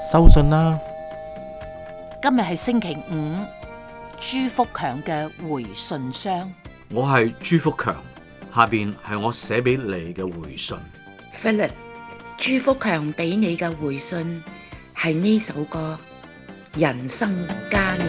收信啦！今日係星期五，朱福強嘅回信箱。我係朱福強，下邊係我寫俾你嘅回信。Philip，朱福強俾你嘅回信係呢首歌《人生加年》。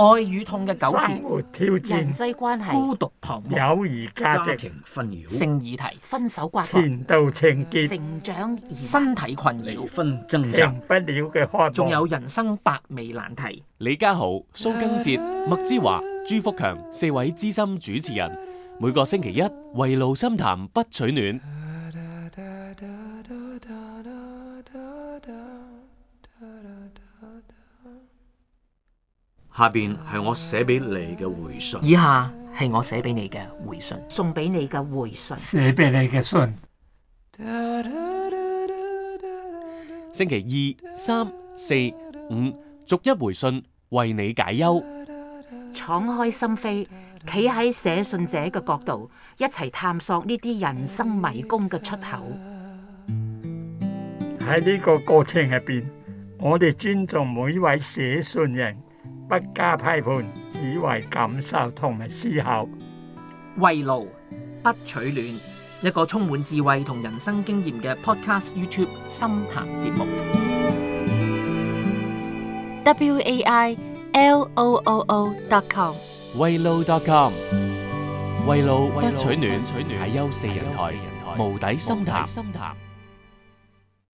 愛與痛嘅糾纏，挑戰人際關係，孤獨彷徨，友誼價值，情分紛擾，成議題，分手關頭，前度情結，成長，身體困擾，婚姻，成長不了嘅仲有人生百味難題。李嘉豪、蘇根哲、麥之華、朱福強四位資深主持人，每個星期一圍爐深談不取暖。下邊係我寫俾你嘅回信。以下係我寫俾你嘅回信，送俾你嘅回信，寫俾你嘅信。星期二、三、四、五，逐一回信，為你解憂。敞開心扉，企喺寫信者嘅角度，一齊探索呢啲人生迷宮嘅出口。喺呢個過程入邊，我哋尊重每一位寫信人。不加批判，只為感受同埋思考。慰勞不取暖，一個充滿智慧同人生經驗嘅 podcast YouTube 深談節目。w a i l o o o dot com。慰勞 dot com。慰勞不取暖，大優四人台無底深談。